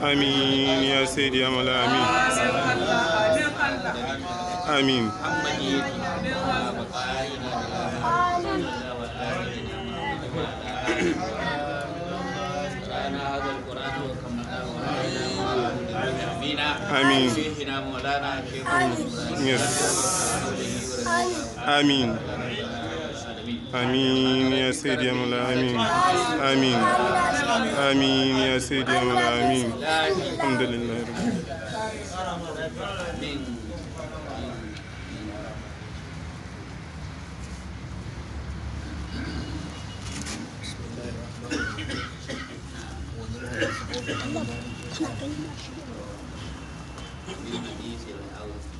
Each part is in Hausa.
amin ya sai ya mala amin amin amin yes آمين آمين يا سيدي يا مولاي آمين آمين آمين يا سيدي يا مولاي آمين الحمد لله رب العالمين Thank you.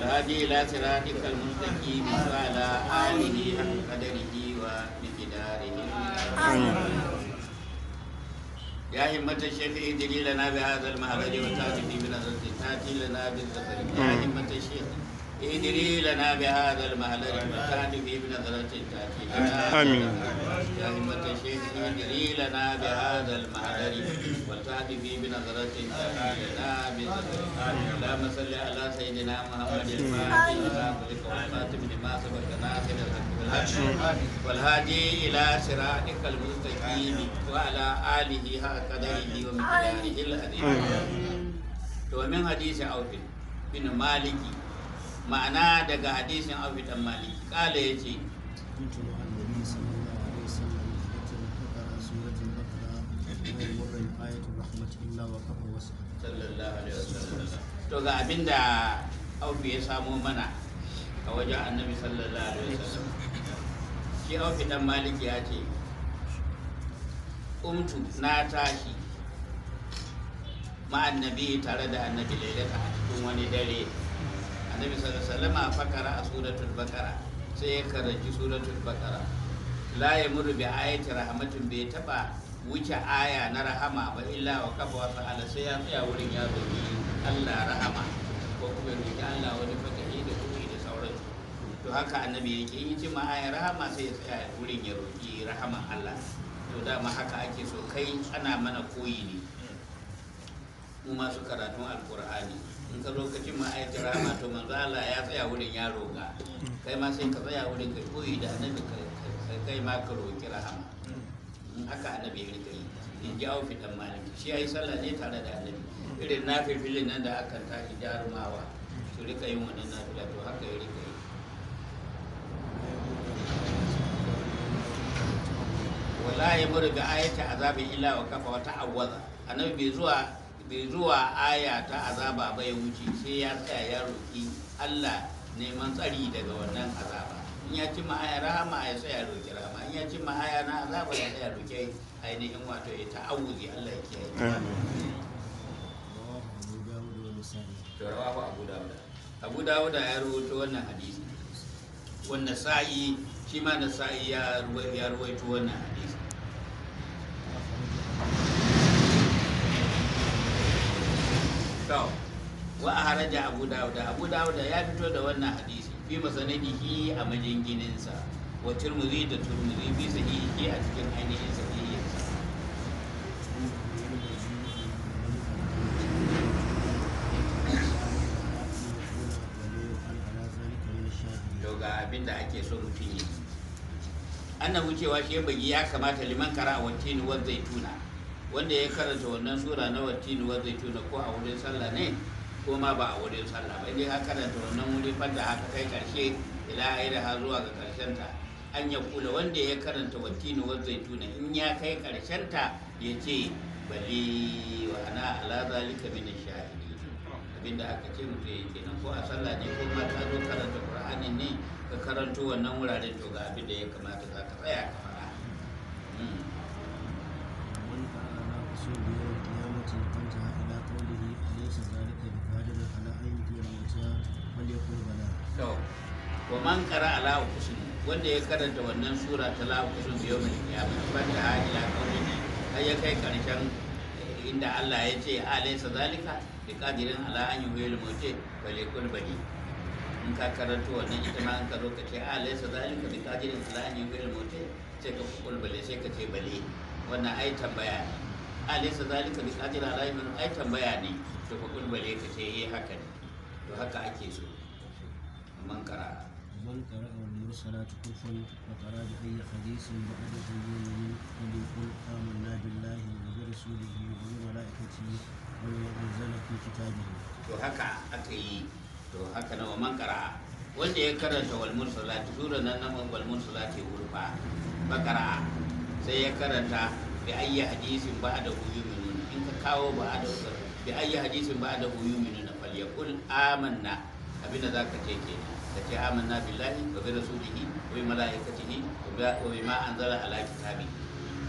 والهادي إلى صراطك المستقيم وعلى آله حق قدره ومقداره يا همة الشيخ ادري لنا بهذا المهرج وتاتي بنظرة تاتي لنا بالذكر يا همة الشيخ ادري لنا بهذا المهل المكان في بنظرة تأتي آمين يا همة الشيخ ادري لنا بهذا المهل والتأتي في بنظرة تأتي لنا اللهم صل على سيدنا محمد الفاتح لما خلق والخاتم لما سبق ناصر الحق والهادي إلى صراطك المستقيم وعلى آله حق قدره ومقداره العظيم ومن حديث عوف بن مالك ma'ana daga hadisin abu dan mali kala ya ce to ga abin da aufi ya samo mana a wajen annabi sallallahu alaihi wasallam shi aufi dan malik ya ce umtu na tashi ma'annabi tare da annabi lailata a cikin wani dare annabi sallallahu alaihi wasallam fakara a suratul baqara sai ya karanci suratul baqara la muru bi ayati rahmatin bai taba wuce aya na rahama ba illa wa kafa wa ta'ala sai ya tsaya wurin ya zobi Allah rahama ko kuma ji Allah wani fatahi da kuɗi da sauransu to haka annabi yake yi ce ma aya rahama sai ya tsaya wurin ya roki rahaman Allah to dama haka ake so kai ana mana koyi ne mu masu karatun alkur'ani in ka zo ka ci ma'aikata rama to manzo Allah ya tsaya wurin ya roƙa kai ma sai ka tsaya wurin ka koyi da annabi kai ma ka roƙi rahama in haka annabi ya rika in ji aufi dan maliki shi ya yi sallah ne tare da annabi irin na filin nan da ta tashi jarumawa su rika yin wannan nafila to haka ya rika yi wala ya murga ayata azabi illa wa kafa wa ta'awwaza annabi bai zuwa bai zuwa aya ta azaba ba ya wuce sai ya tsaya ya roƙi Allah neman tsari daga wannan azaba in ya ci ma'aya rahama ya tsaya roƙi rahama in ya ci ma'aya na azaba ya tsaya roƙi ainihin wato ya ta'awuzi Allah ya kiyaye Abu Dawud ya rubuta wannan hadisi wanda sa'i shi ma da sa'i ya rubuta wannan hadisi sau wa a haraja abu dawuda abu dawuda ya fito da wannan hadisi fi masanadihi a majinginsa wa turmuzi da turmuzi fi sahihi a cikin ainihin sahihinsa to ga abin da ake so mutum yi annan wucewa shi bai ya kamata liman kara a wattini wa zaituna wanda ya karanta wannan sura na wattini wa zaituna ko a wurin sallah ne ko ma ba a wurin sallah ba Idan ya karanta wannan wuri fadda haka kai karshe ila aida ha zuwa ga karshen ta an ya kula wanda ya karanta wattini wa zaituna in ya kai karshen ta ya ce bali wa ana ala zalika min shahidi abinda aka ce mutum ya kenan ko a sallah ne ko ma ta zo karanta qur'ani ne ka karanto wannan wuraren to ga abinda ya kamata ka tsaya kamar to wa man kara ala usul wanda ya karanta wannan sura ta la usul bi yawmil qiyamah fanta ha ila ne har ya kai karshen eh, inda Allah ya ce alaysa zalika bi qadirin ala an yuhyil wa li likul bani in ka karanta wannan ita ma an karo ka ce alaysa zalika bi qadirin ala an yuhil mawt sai ka kul bali sai ka ce bali wannan ai tambaya ne alaysa zalika bi qadirin ala an ai tambaya ne to fa kul bale ka ce eh haka ne to haka ake so man kara man kara wal mursalatu kufran wa kara bi ayyi hadithin ba'da yu'min qad qul amanna billahi wa bi rasulihi wa bi malaikatihi wa bi anzala fi kitabihi to haka aka yi to haka na man kara wanda ya karanta wal mursalatu sura nan nan wal mursalati urfa bakara sai ya karanta bi ayyi hadisin ba'da yu'minun in ka kawo hadisin amanna abinda za ka ce ke ka ce amanna billahi wa bi rasulihi wa bi malaikatihi wa bi ma anzala ala kitabi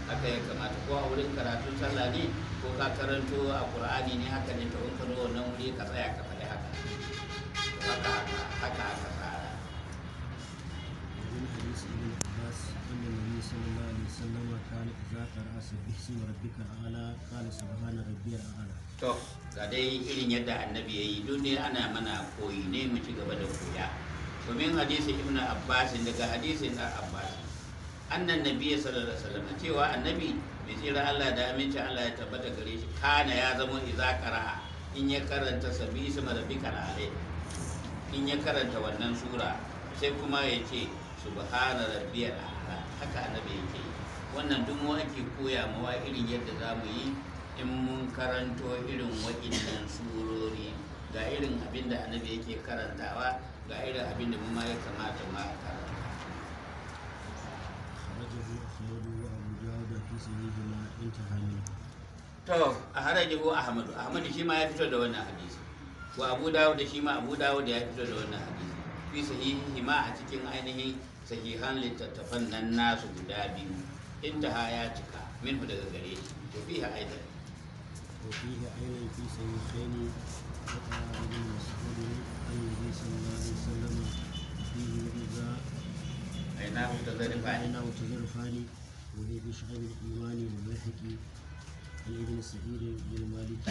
haka ya kamata ko a wurin karatu sallah ne ko ka karanto a qur'ani ne haka ne to in ka zo wannan wuri ka tsaya ka faɗi haka haka haka haka haka الناس أن النبي صلى الله عليه وسلم كان إذا قرأ سبح اسم ربك الأعلى قال سبحان ربي الأعلى to ga dai irin yadda annabi ya yi duk dai ana mana koyi ne mu ci gaba da koya domin hadisin ibn abbas daga hadisin dan abbas annan nabi sallallahu alaihi wasallam cewa annabi mai tsira Allah da aminci Allah ya tabbata gare shi kana ya zama iza in ya karanta in ya karanta wannan sura sai kuma ya ce subhana rabbiyal a'la haka annabi yake yi wannan duk mu ake koya mawa irin yadda za mu yi in mun karanto irin wa'innan surori ga irin abin da annabi yake karantawa ga irin abin da ma ya kamata ma a karanta to a haraji ko ahmadu ahmadu shi ma ya fito da wannan hadisi wa abu dawud da shi ma abu dawud ya fito da wannan hadisi fi sahihi ma a cikin ainihin sahihan littattafan nan nasu guda biyu ha ya cika min hu daga gare shi to fiha a وفيه أيضا في صحيحين وقال ابن مسعود عن ibn malik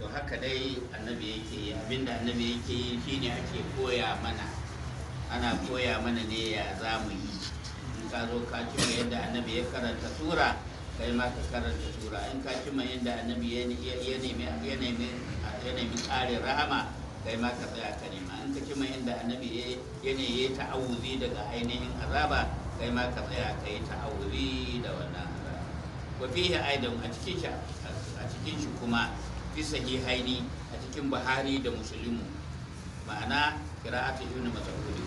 to haka dai annabi yake abinda annabi yake shine ake koya mana ana koya mana ne ya za mu yi in ka zo ka cimma yadda annabi ya karanta sura kai ma ka karanta sura in ka cimma yadda annabi ya nemi ƙarin rahama kai ma ka tsaya ka nema in ka cimma yadda annabi ya ne ya ta'awuzi daga ainihin azaba kai ma ka tsaya ka yi ta'awuzi da wannan azaba wa fihi aidan a cikin shi a cikin shi kuma fi sahihaini a cikin buhari da musulmi ma'ana qira'atu ibn mas'ud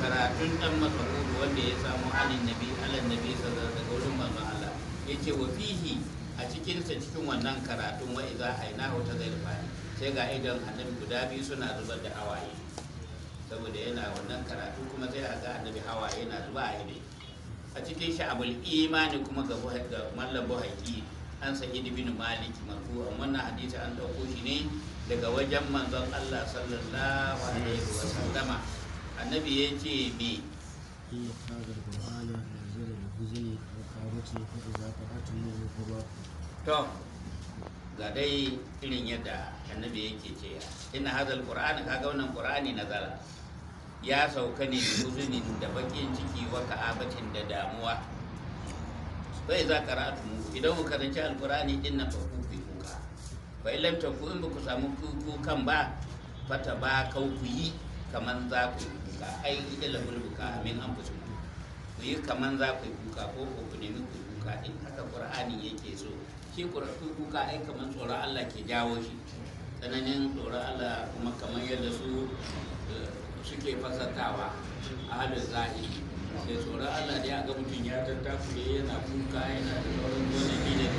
karatun dan masaruru wanda ya samu alin nabi alin nabi sallallahu alaihi wasallam manzo Allah ce wa fihi a cikin sa cikin wannan karatun wa idza ainahu ta zai sai ga idan annabi guda biyu suna zubar da hawaye saboda yana wannan karatu kuma sai a ga annabi hawaye yana zuba a ido a cikin abul imani kuma ga mallam buhaki an sa ibn malik marfu'an wannan hadisi an dauko shi ne daga wajen manzon Allah sallallahu alaihi wasallama annabi ya ce me to ga dai irin yadda annabi yake ce ina hazal qur'ani kaga wannan qur'ani nazara ya sauka ne da uzunin da bakin ciki wa ka'abatin da damuwa bai za ka mu idan ku karanci alkur'ani din nan ba ku fi kuka bai lamta ku in ba ku samu kuku kan ba fata ba kau ku yi kamar za ku yi kuka ai ita lahul buka min an fusu ku yi kaman za ku buka kuka ko ko ku nemi ku kuka in haka qur'ani yake so shi qur'ani kuka ai kaman tsoron Allah ke jawo shi tsananin tsoron Allah kuma kaman yadda su suke fasatawa a ahalin zahiri sai tsoron Allah da a ga mutum ya ne yana kuka yana da sauran ne da tsoron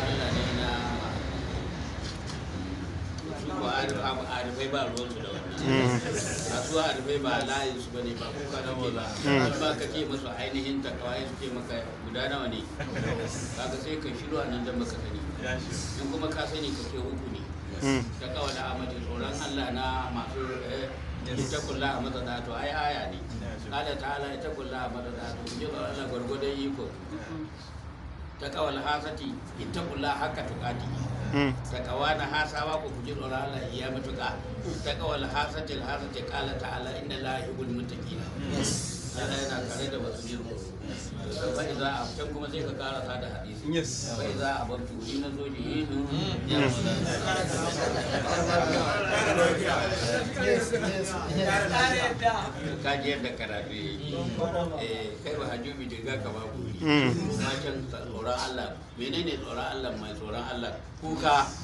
Allah ne na su ba a rufai ba ruwansu da wani a su harbe ba layin su bane ba kuka na ba an ba ka ce masu ainihin takawa ya suke maka guda nawa ne kaga sai ka shiru a nan dan baka sani in kuma ka sani ka ke uku ne ta kawai da amince tsoron Allah na masu ita kula a matsada to ai aya ne Kada Allah ta'ala ita kula a matsada to ji tsoron Allah gwargwadon iko taqwa alhasati ittaqullaha haqqa tuqatihi hmm. takawa na hasawa ku ji tsoron Allah iya matuƙa takawa alhasati alhasati qala ta'ala inna la yuhibbul muttaqin Allah yana kare da basir fa a can kuma zai ka karasa da hadisi yes fa idza a turi na zo mm. Mm. yes ka eh kai ba ka ba mm. ma can tsoron Allah menene tsoron Allah mai tsoron Allah kuka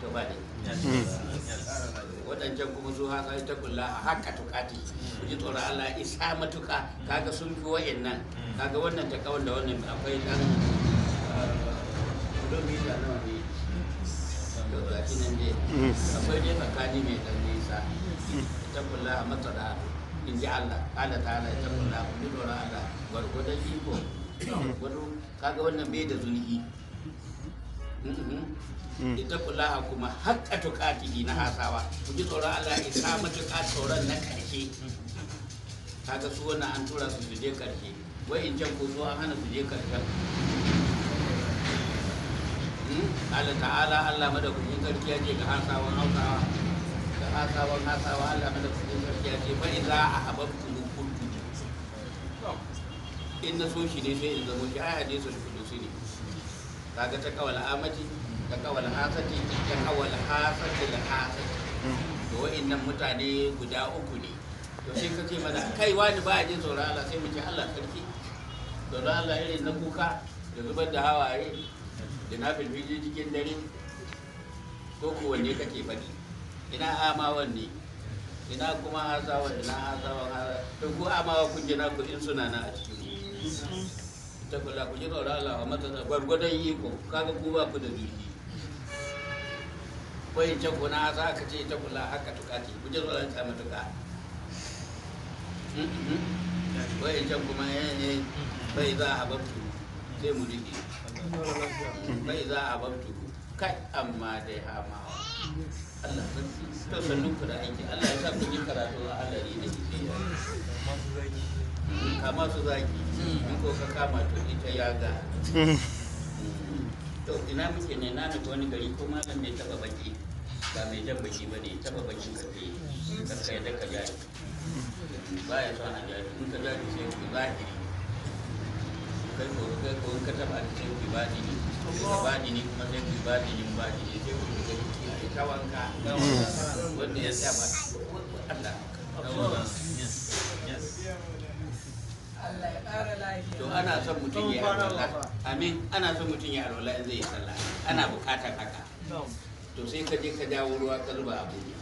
to ba ne hmm. waɗancan kuma su haka ta kulla a haka tukati hmm. ku ji tsoron Allah isa matuka hmm. kaga sun fi wa'annan kaga wannan ta kawar da wannan akwai dan ah, kilomita nawa ne to ga nan dai akwai dai tsakani mai nisa ta kulla a matsada in ji Allah Allah ta kulla ku ji tsoron Allah gwargwadon iko kaga wannan bai da zulhi Mm-hmm. ita kula kuma haƙƙa tukatihi na hasawa ku ji tsoron Allah ya sa matuƙa tsoron na ƙarshe kaga su wannan an tura su je ƙarshe wai in can ko so an hana su je ƙarshen hmm? Allah ta'ala Allah madaukakin sarki ya ce ga hasawan hausawa ga hasawan hasawa Allah madaukakin sarki ya ce fa idza ahabbtu kuntu in na so shi ne sai in zama shi ai hadisi shi kaga ta kawal amaji ta kawal hasati ta kawal hasati da hasati to wa'annan mutane guda uku ne to sai ka ce mana kai wani ba jin tsoron Allah sai mu ce Allah sarki tsoron Allah irin na kuka da zubar da hawaye da na filfili cikin dare ko ko wanne kake faɗi ina ama wanne ina kuma hasawa ina hasawa to ko amawa kun jira ku in suna na a cikin ta kula ku ji tsoron Allah a matasa gwargwadon iko kaga ku ba ku da ta kuna za ka ce ta kula haka tuka ce ku ji tsoron ta matuka kwai ta kuma bai za a babtu sai mu rike bai za a babtu kai amma dai Allah ku da aiki Allah ya sa ku karatu a Allah ne da ke kama su zaki hmm. in ko ka kama to ita yaga hmm. to ina muke ne na nufi wani gari ko malam mai taba baki ba mai jan baki ba ne taba baki ka ke ka yadda ka jari ba ya son a jari in ka jari sai ku zahiri kai ko kai ko in ka taba ni sai ku ba ni ka ba ni kuma sai ku ba ni ba ni sai ku ga ki a ita wanka hmm. wanda ya saba Allah ana son mutum ya alwala amin ana son mutum ya alwala in zai yi sallah ana bukatar haka to sai ka je ka dawo ruwa ka zuba a buɗe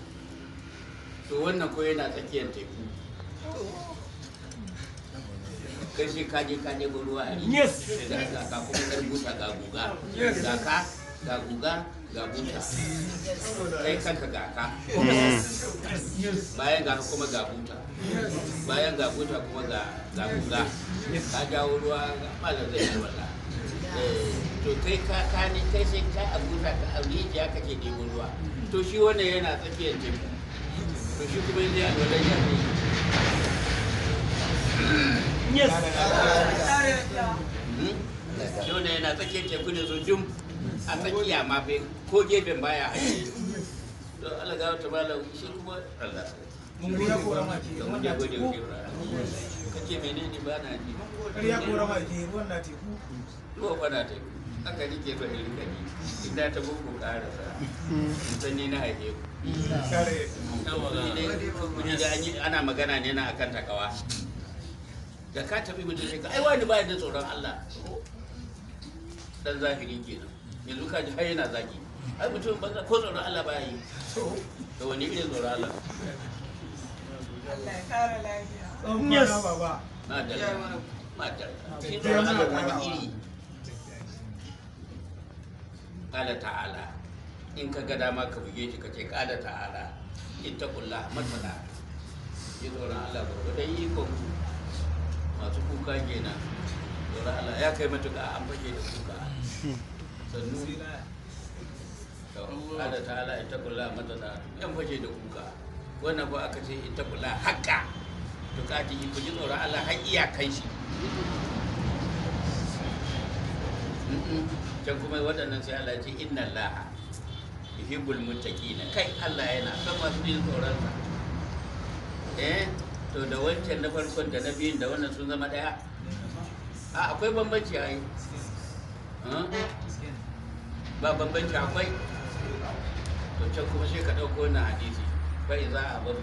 to wannan ko yana tsakiyar teku kai sai ka je ka je ruwa a yi da ka kuma ɗan buta ga guga ga ka ga guga ga buta kai kanka ga ka bayan ga kuma ga buta bayan ga buta kuma ga guga ka dawo ruwa malam zai yi wala eh, to kai ka kani kai sai ka abuta ka yi ya kake nemo ruwa to shi wannan yana tsakiyar teku to shi kuma yanzu ya dole ya ne yes yau ne hmm? yana tsakiyar teku ne so jum a tsakiya ma bai ko gefen baya hanyar don Allah gawa ta malam shi kuma Allah mun gode ko amma ki mun gode ko kake menene ba na ji ƙarya ko rama ke ruwan na teku ruwa ba na teku haka ni ke bari rika ni inda ta bugu ƙarasa mutan ni na haife ku ni da ana magana ne na akan takawa da ka tafi mutum ne ka ai ni ba da tsoron Allah dan zahiri kenan yanzu ka ji har yana zaki ai mutum banza ko tsoron Allah ba yi to wani irin tsoron Allah yes ta'ala in ka ga dama ka buge shi ka ce kala ta'ala in ta kulla matsala yi tsoron Allah gwargwadon ikon masu kuka kenan tsoron Allah ya kai an fashe da kuka sannu ta'ala in ta matsala yan fashe da kuka wanda ba aka ce ita kula haƙa to ka ji ku ji tsoron Allah har iyakan shi can kuma waɗannan sai Allah ce inna laha yuhibbul muttaqina kai Allah yana kan masu yin tsoron sa eh to da wancan na farkon da na biyun da wannan sun zama ɗaya a akwai bambanci a yi ba bambanci akwai to can kuma sai ka ɗauko wannan hadisi bai za a bar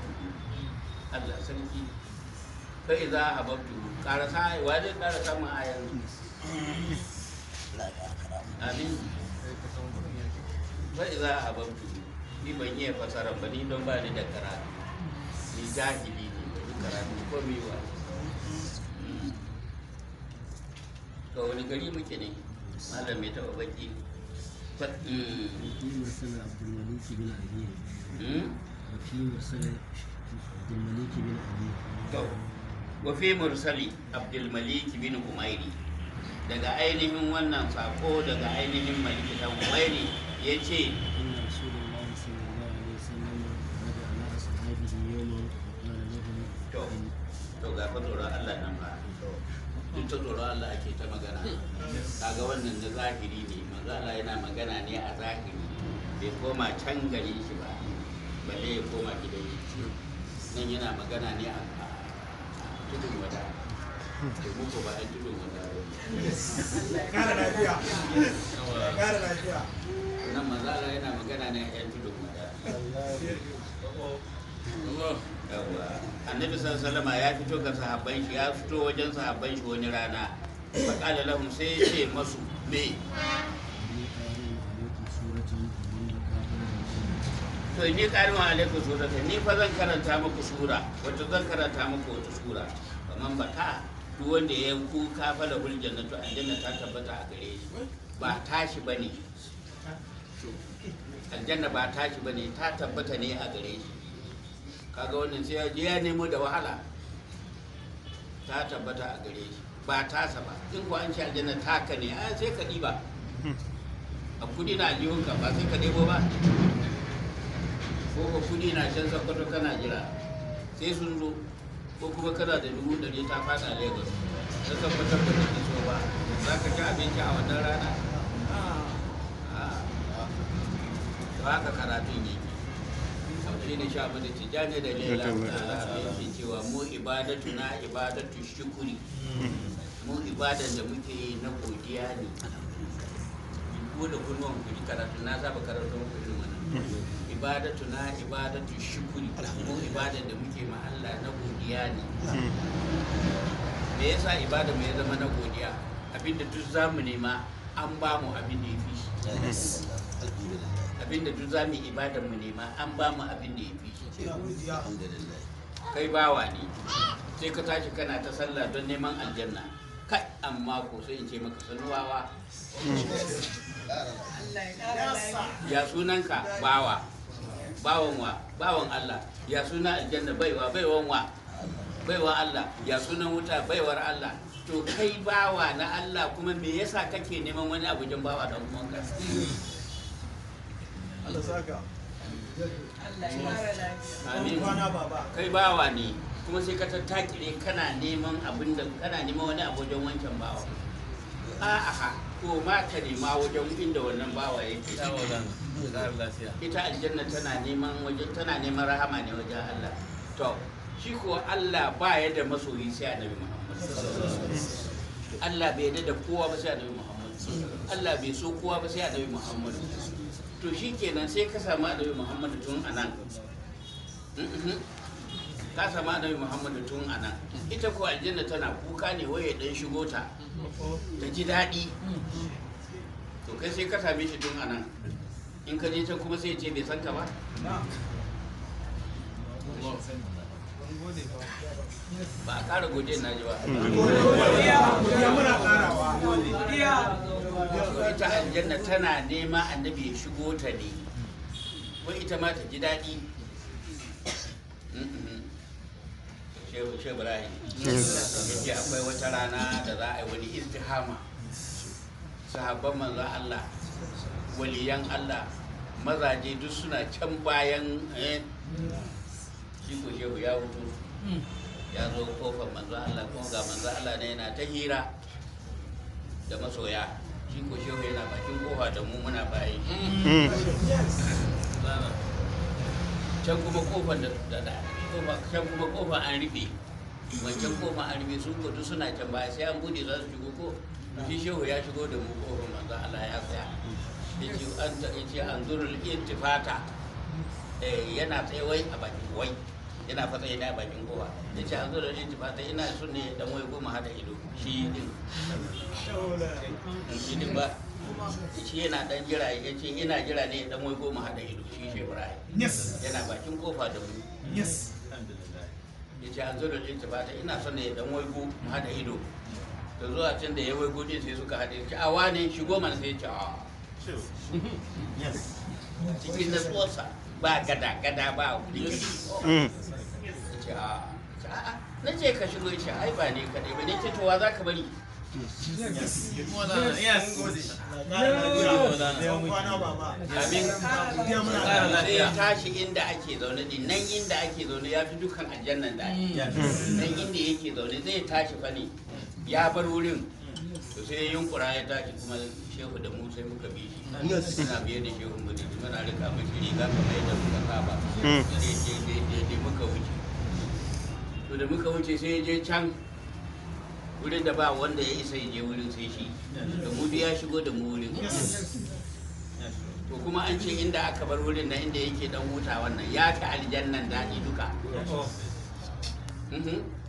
Allah sarki bai za a bar tu karasa wa zai yanzu amin bai za a ni ban ba ni don ba ni da karatu ni jahili ne ni karatu ko wa to wani gari muke ne malam mai taɓa baki وفي مرسل عبد الملك بن أبي وفي مرسل عبد الملك بن أميري daga ainihin wannan sako daga ainihin maliki da umairi ya ce to ga fa tsoron Allah nan ba duk ta tsoron Allah ake ta magana kaga wannan na zahiri ne manzo Allah yana magana ne a zahiri bai koma can shi balle ya koma gidan shi hmm. nan yana magana ne a tudun wada da muku ba a tudun wada kara lafiya kara lafiya nan mazala yana magana ne a yan tudun wada annabi Salama ya fito ga sahabban shi ya fito wajen sahabban shi wani rana faƙala lahum sai ya ce masu me to ni karin karima alaikum surata ni fa zan karanta muku sura wato zan karanta muku wata sura kaman ta duk wanda ya kuka fa lahul jannatu aljanna ta tabbata a gare shi ba tashi bane aljanna ba tashi bane ta tabbata ne a gare shi kaga wannan sai ya je ya nemo da wahala ta tabbata a gare shi ba tasa ba in ko an ci aljanna taka ne a sai ka ɗiba a kudi na aljihunka ba sai ka ɗebo ba ko ka kudi na can sakwato kana jira sai sun zo ko kuma kana da dubu ɗari ta fada lagos don tabbatar da kake so ba za ka ci abinci a wannan rana ba ka karatun yi shi ne sha da jane da lela da cewa mu ibadatu na ibadatu shukuri mu ibadan da muke yi na godiya ne ko da kunuwan kuji karatu na saba karatu muku irin ibadatu na ibadatu shukuri ko ibada da muke ma Allah na godiya ne me yasa ibada mu ya zama na godiya abinda duk zamu nema an ba mu abin da yafi. shi abinda duk zamu ibada mu nema an ba mu abin da yafi. shi kai bawa ne sai ka tashi kana ta sallah don neman aljanna kai amma ko sai in ce maka sanuwawa ya sunanka bawa bawan wa bawan Allah ya suna aljanna baiwa baiwan wa baiwa Allah ya sunan wuta baiwar Allah to kai bawa na Allah kuma me yasa kake neman wani abu jin bawa da kuma ka Allah saka Amin. Kai bawa ne kuma sai ka tattakire kana neman abin da kana neman wani abu wajen wancan bawa. A'a ko ma ka nema wajen inda wannan bawa yake. ita aljanna tana neman waje tana neman rahama ne wajen Allah to shi ko Allah ba ya da masoyi sai annabi Muhammad Allah bai da kowa ba sai annabi Muhammad Allah bai so kowa ba sai annabi Muhammad to shikenan sai ka samu annabi Muhammad tun anan mm-hmm. ka samu annabi Muhammad tun anan ita ko aljanna tana kuka ne waye dan shigo ta ta ji daɗi to kai sai ka same shi tun anan in ka je can kuma sai ce bai san ka ba ba a ƙara gode na ji ba ita aljanna tana nema annabi ya shigo ta ne wai ita ma ta ji daɗi shehu ibrahim yake akwai wata rana da za a yi wani iltihama sahabban manzo Allah waliyan Allah mazaje duk suna can bayan eh, shi ko shehu ya hudu ya zo kofar manzo Allah kuma ga manzo Allah ne yana ta hira da masoya shi ko shehu yana bakin kofa da mu muna bayi can kuma kofar da can kuma kofar an ribe wancan kofar an ribe sun kotu suna can baya sai an bude za su shigo ko shi shehu ya shigo da mu kofar manzo Allah ya tsaya yace anta yace anzurul intifata yana tsaye a bakin wai yana fata yana a bakin kowa an anzurul intifata ina so ne dan wai goma hada ido shi din shi din ba shi yana dan jira yace ina jira ne dan wai goma hada ido shi shi Ibrahim yana bakin kofa da mu yes alhamdulillah yace anzurul intifata ina so ne dan wai goma hada ido da zuwa can da ya wai gode sai suka hade shi a wane shigo mana sai ya ce a True. Yes. Cikin ba gada-gada mm. ba Na ce ka shigo ce ai ba kaɗai ba za ka bari. tashi inda ake zaune din nan inda ake zaune ya fi dukkan aljannan da nan inda yake zaune zai tashi fa ne ya bar wurin to sai yunkura ya tashi kuma shehu da mu sai muka bi shi suna biye da shehu mu da muna rika mashi riga kamar yadda muka saba hmm. da muka wuce to da muka wuce sai je can wurin da ba wanda ya isa je wurin sai shi da mu ya shigo da mu wurin to kuma an ce inda aka bar wurin na inda yake dan huta wannan ya fi aljannan daɗi duka mhm.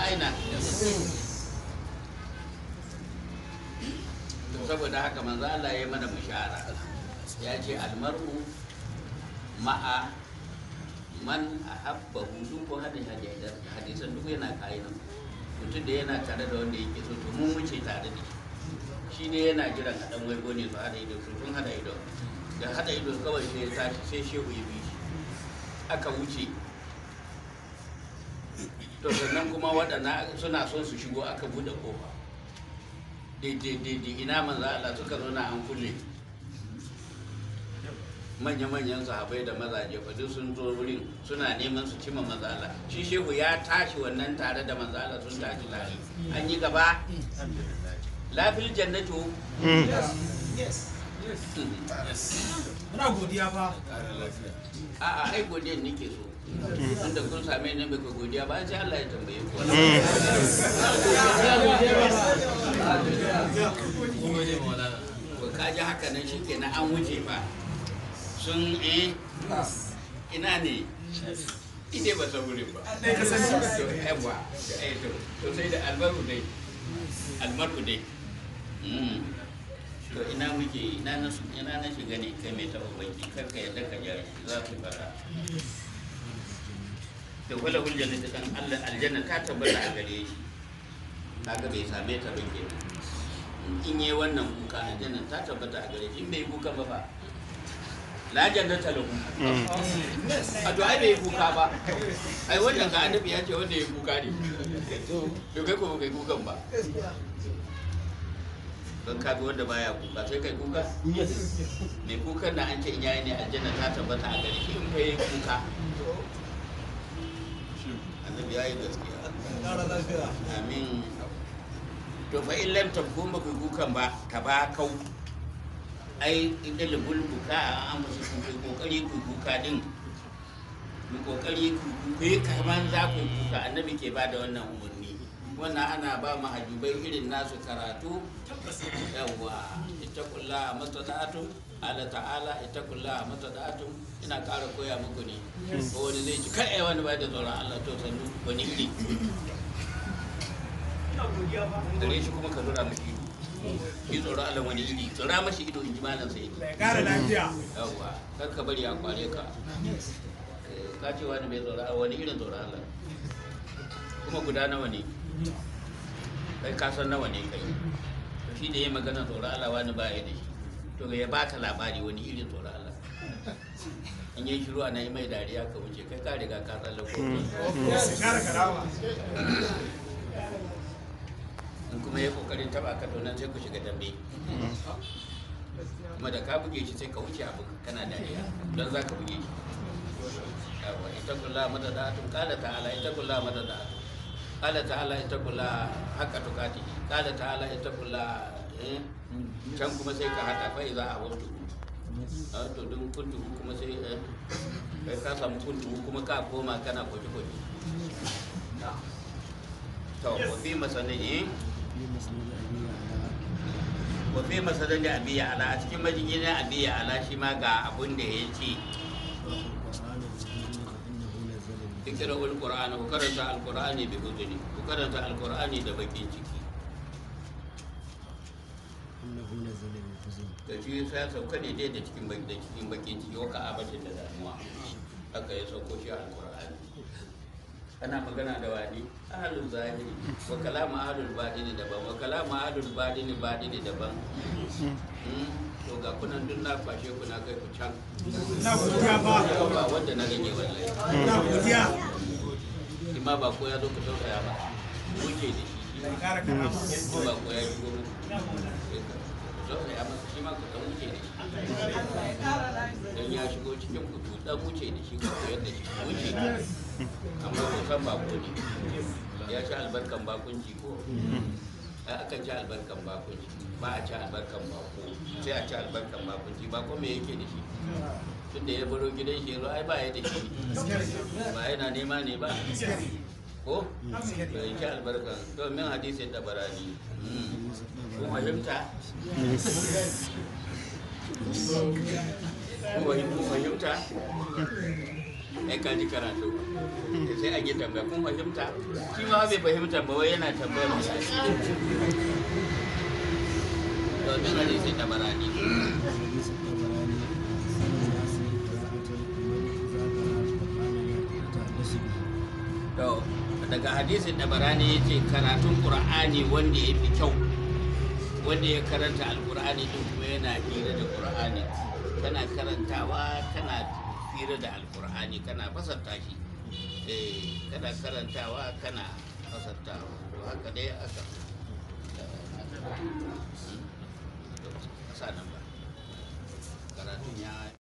aina saboda haka manzo Allah ya mana bishara ya ce almar'u ma'a man ahabbahu duk hadin hadisan duk yana kai nan mutum da yana tare da wanda yake so to mun wuce tare da shi ne yana jiran a dan waigo ne su hada ido su tun hada ido da hada ido kawai sai ya tashi sai shehu ya bi shi aka wuce to sannan kuma waɗanda suna son su shigo aka buɗe ƙofa daidai ina Allah suka an kulle manya da mazaje fadi sun zo wurin suna neman su cima manzo Allah shi shehu ya tashi wannan tare da manzo Allah sun tashi tare an yi gaba lafil jannatu hmm. hmm. wanda kun same ni ba godiya ba sai Allah ya tambaye ku mm. ko ka ji haka nan shikenan an wuce fa sun eh ina ne ide ba saboda ba to yawa eh, to to sai da albaru dai albaru dai mm. to ina muke ina na shiga ne kai mai taɓa baki karka yadda ka jari za ka fara da wala hul jannatu kan Allah aljanna ta tabbata a gare shi kaga bai same ta ba kenan in yi wannan kuka aljanna ta tabbata a gare shi in bai kuka ba ba la jannata lahu mm. a to ai bai kuka ba ai wannan ga annabi ya ce wanda ya kuka ne to kai ko kai kukan ba don ka bi wanda baya kuka sai kai kuka mai kukan na an ce in yayi ne aljanna ta tabbata a gare shi in kai kuka gaskiya amin to fa in lam tafkum ba kukan ba tabakau ai idal bulbuka a amsa ku kokari ku kuka din ku kokari ku ku yi kaman za ku kuka annabi ke ba da wannan umarni wannan ana ba hajibai irin nasu karatu yawwa ittaqullaha mastata'tum ala ta'ala ita kulla mata da'atun ina ƙara koya muku ne ko wani zai ci kai wani bai da tsoron Allah to sannu wani iri gare shi kuma ka zura mashi ido yi tsoron Allah wani iri tsora mashi ido in ji malam sai ya ƙara lafiya yawwa kar ka bari a kware ka ka ce wani bai tsoron Allah wani irin tsoron Allah kuma guda nawa ne kai ka san nawa ne kai shi da ya magana tsoron Allah wani ba ya da shi to ya baka labari wani irin tsoro Allah in yi shiru ana yi mai dariya ka wuce kai ka riga ka tsalle ko in kuma ya kokarin taba ka donan sai ku shiga dambe kuma da ka buge shi sai ka wuce abu kana dariya don za ka buge shi yawa ita kula mata da atun kala ta ala ita kula mata da atun kala ala ita kula haka tukati kala ala ita kula can kuma sai ka hada fa za a wasu a to dun kuntu kuma sai eh, kai ka samu kuntu kuma ka koma kana kwaji kwaji ta wafi fi yi wafi fi da abiya ala a cikin majigin abiya ala shi ma ga abun da ya ce ikira ul ku karanta al qur'ani bi uduni ku karanta al da bakin ciki innahu nazala min huzn to shi yasa sauka ne dai da cikin baki da cikin bakin ciki wa ka'abatin da damuwa haka ya sauko shi alqur'ani ana magana da wani ahalul zahiri wa kalamu ahalul badini daban wa kalamu ahalul badini badini daban hmm? to ga kunan duk na kwashe ku na kai ku can na godiya ba wanda na rage wallahi na godiya imma ba ko ya zo ku tausaya ba kuke da shi ba ko ya shigo muku zaune a masa shi ma ku dan wuce da shi don ya shigo cikin ku ku dan wuce da shi ku koyar da shi wuce amma ku san bako ne ya ci albarkan bakunci ko a akan ci albarkan bakunci ba a ci albarkan bako sai a ci albarkan ba bako me yake da shi tun ya baro gidan shi ai ba ya da shi ba yana nema ne ba ko bai ki albarka domin hadisin da hmm. ko fahimta ko fahimta ai ka ji karatu sai a yi tambaya kun fahimta shi ma bai fahimta ba wai yana tambaya ba domin hadisin da daga hadisin da barani ya ce karatun ƙur'ani wanda ya fi kyau wanda ya karanta alƙur'ani ɗin kuma yana hira da ƙur'ani kana karantawa kana hira da alƙur'ani kana fasarta shi eh kana karantawa kana fasartawa to haka dai aka karatun ya